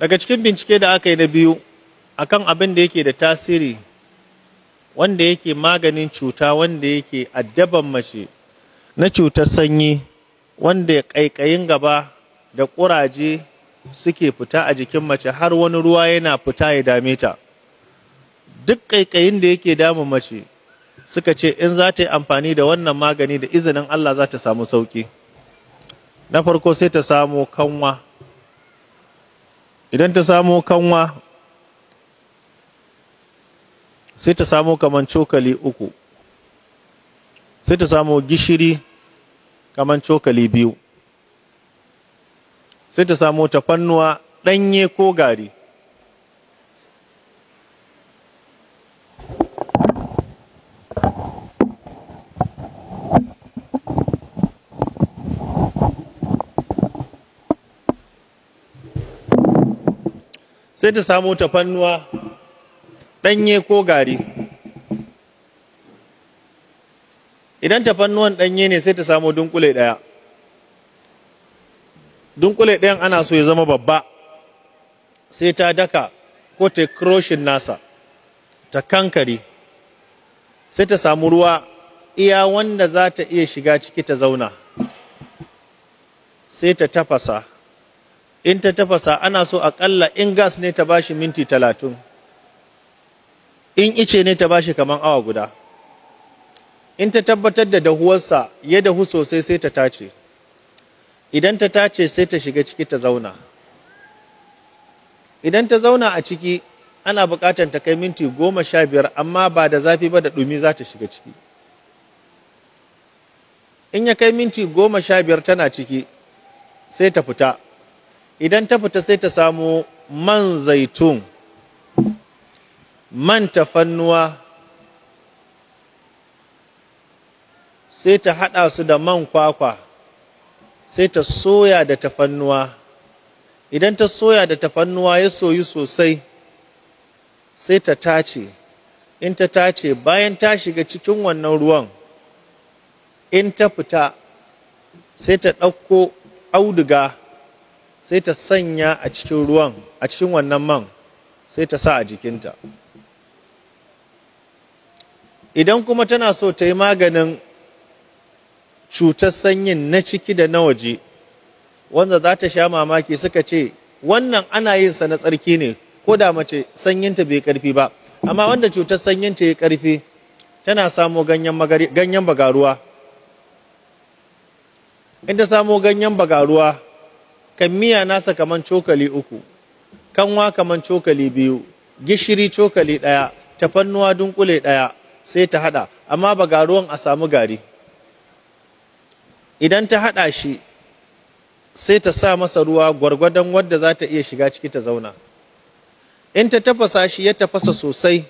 daga cikin bincike da aka yi na biyu akan abin da yake da tasiri wanda yake maganin cuta wanda yake addaban mace na cutar sanyi wanda ƙaiƙayin gaba da ƙuraje suke fita a jikin mace har wani ruwa yana fita ya dame ta duk ƙaiƙayin da yake damun mace suka ce in za ta yi amfani da wannan magani da izinin Allah za ta samu sauƙi na farko sai ta samu kanwa idan ta samo kanwa sai ta samo kaman cokali uku sai ta samo gishiri kaman cokali biyu sai ta samo tafannuwa ɗanye ko gari sai ta samo tafannuwa ɗanye ko gari idan tafannuwan ɗanye ne sai ta samu dunkule ɗaya dunkule ɗayan ana so ya zama babba sai ta daka ko ta kroshin nasa ta kankare sai ta samu ruwa iya wanda za ta iya shiga ciki ta zauna sai ta tafasa in ta tafasa ana so aƙalla in gas ne ta bashi minti talatin in ice ne ta bashi kamar awa guda in ta tabbatar da dahuwarsa ya dahu sosai sai ta tace idan ta tace sai ta shiga ciki ta zauna idan ta zauna a ciki ana buƙatar ta kai minti goma sha biyar amma ba da zafi ba da ɗumi za ta shiga ciki in ya kai minti goma sha biyar tana ciki sai ta fita idan ta fita sai ta samu man zaitun man tafannuwa sai ta haɗa su da man kwakwa sai ta soya da tafannuwa idan ta soya da tafannuwa ya soyu sosai sai ta tace in ta tace bayan ta shiga cikin wannan ruwan in ta fita sai ta ɗauko auduga sai ta sanya a cikin ruwan a cikin wannan man sai ta sa a jikinta idan kuma tana so ta yi maganin cutar sanyin na ciki da na waje wanda za ta sha mamaki suka ce wannan ana yin sa na tsarki ne ko da mace sanyinta bai karfi ba amma wanda cutar sanyinta ya karfi tana samo ganyen bagaruwa in ta samo ganyen bagaruwa kan miya nasa kaman cokali uku kanwa kaman cokali biyu gishiri cokali ɗaya tafannuwa dunkule ɗaya sai ta haɗa amma ba ga ruwan a samu gari idan ta haɗa shi sai ta sa masa ruwa gwargwadon wadda za ta iya shiga ciki ta zauna in ta tafasa shi ya tafasa sosai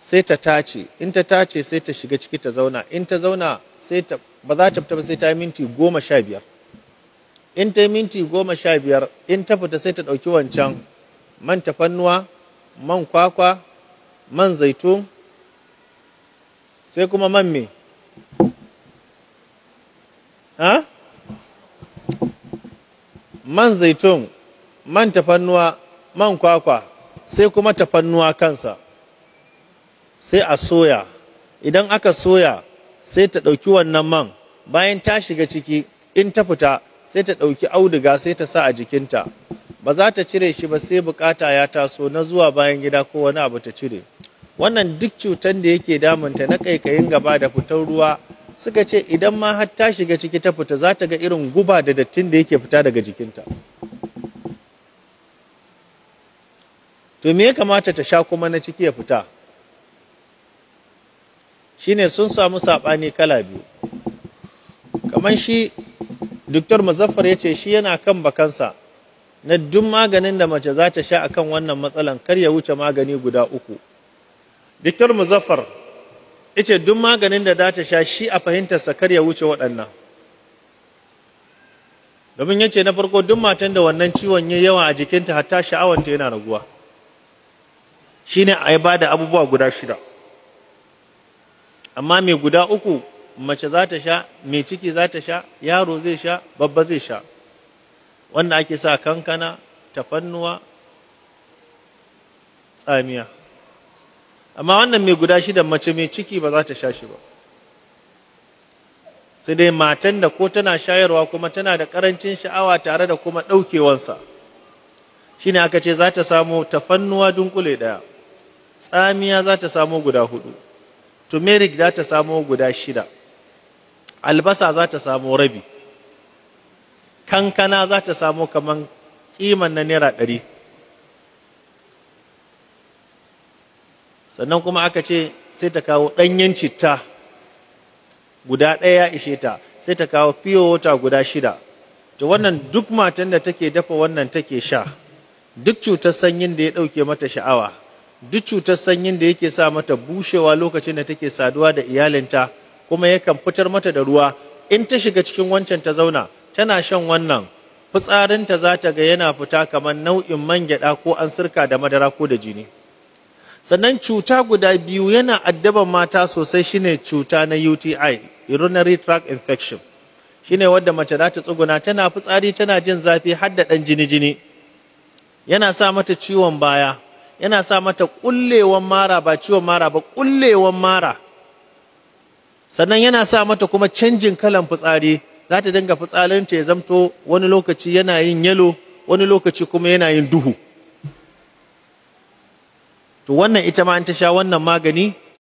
sai ta tace in ta tace sai ta shiga ciki ta zauna in ta zauna sai ta ba za ta fita ba sai ta minti goma sha biyar in ta minti goma sha biyar in ta fita sai ta ɗauki wancan man tafannuwa man kwakwa man zaitun sai kuma man me ha man zaitun man tafannuwa man kwakwa sai kuma tafannuwa kansa sai a soya idan aka soya sai ta ɗauki wannan man bayan ta shiga ciki in ta fita sai ta ɗauki auduga sai ta sa a jikinta ba za ta cire shi ba sai bukata ya taso na zuwa bayan gida ko wani abu ta cire wannan duk cutar da yake damunta na kaikayin gaba da fitar ruwa suka ce idan ma har ta shiga ciki ta fita za ta ga irin guba da dattin da yake fita daga jikinta to me ya kamata ta sha kuma na ciki ya fita shine sun samu saɓani kala biyu kamar shi Dr. Muzaffar ya ce shi yana kan bakansa na duk maganin da mace za ta sha akan wannan matsalan kar ya wuce magani guda uku. Dr. Muzaffar ya ce duk maganin da za ta sha shi a fahimtarsa kar ya wuce waɗannan. Domin ya ce na farko duk matan da wannan ciwon ya yawa a jikinta hatta sha'awanta yana raguwa. Shi ne a ba da abubuwa guda shida. Amma mai guda uku mace za ta sha mai ciki za ta sha yaro zai sha babba zai sha wanda ake sa kankana tafannuwa tsamiya amma wannan mai guda shida mace mai ciki ba za ta sha shi ba sai dai matan da ko tana shayarwa kuma tana da karancin sha'awa tare da kuma ɗaukewansa shine aka ce za ta samu tafannuwa dunkule ɗaya tsamiya za ta samu guda hudu turmeric za ta samu guda shida albasa za ta samu rabi kankana za ta samu kaman kiman na naira ɗari sannan kuma aka ce sai ta kawo ɗanyen citta guda ɗaya ishe ta sai ta kawo fiye wata guda shida to wannan duk matan da take dafa wannan take sha duk cutar sanyin da ya ɗauke mata sha'awa duk cutar sanyin da yake sa mata bushewa lokacin da take saduwa da iyalinta kuma yakan fitar mata da ruwa in ta shiga cikin wancan ta zauna tana shan wannan fitsarinta za ta ga yana fita kamar nau'in man gyaɗa ko an sirka da madara ko da jini sannan cuta guda biyu yana addaban mata sosai shine cuta na UTI urinary tract infection shine wadda mace za ta tsuguna tana fitsari tana jin zafi har da ɗan jini jini yana sa mata ciwon baya yana sa mata kullewan mara ba ciwon mara ba kullewan mara sannan yana sa mata kuma canjin kalan fitsari za ta dinga fitsarinta ya zamto wani lokaci yana yin yalo wani lokaci kuma yana yin duhu to wannan ita ma an ta sha wannan magani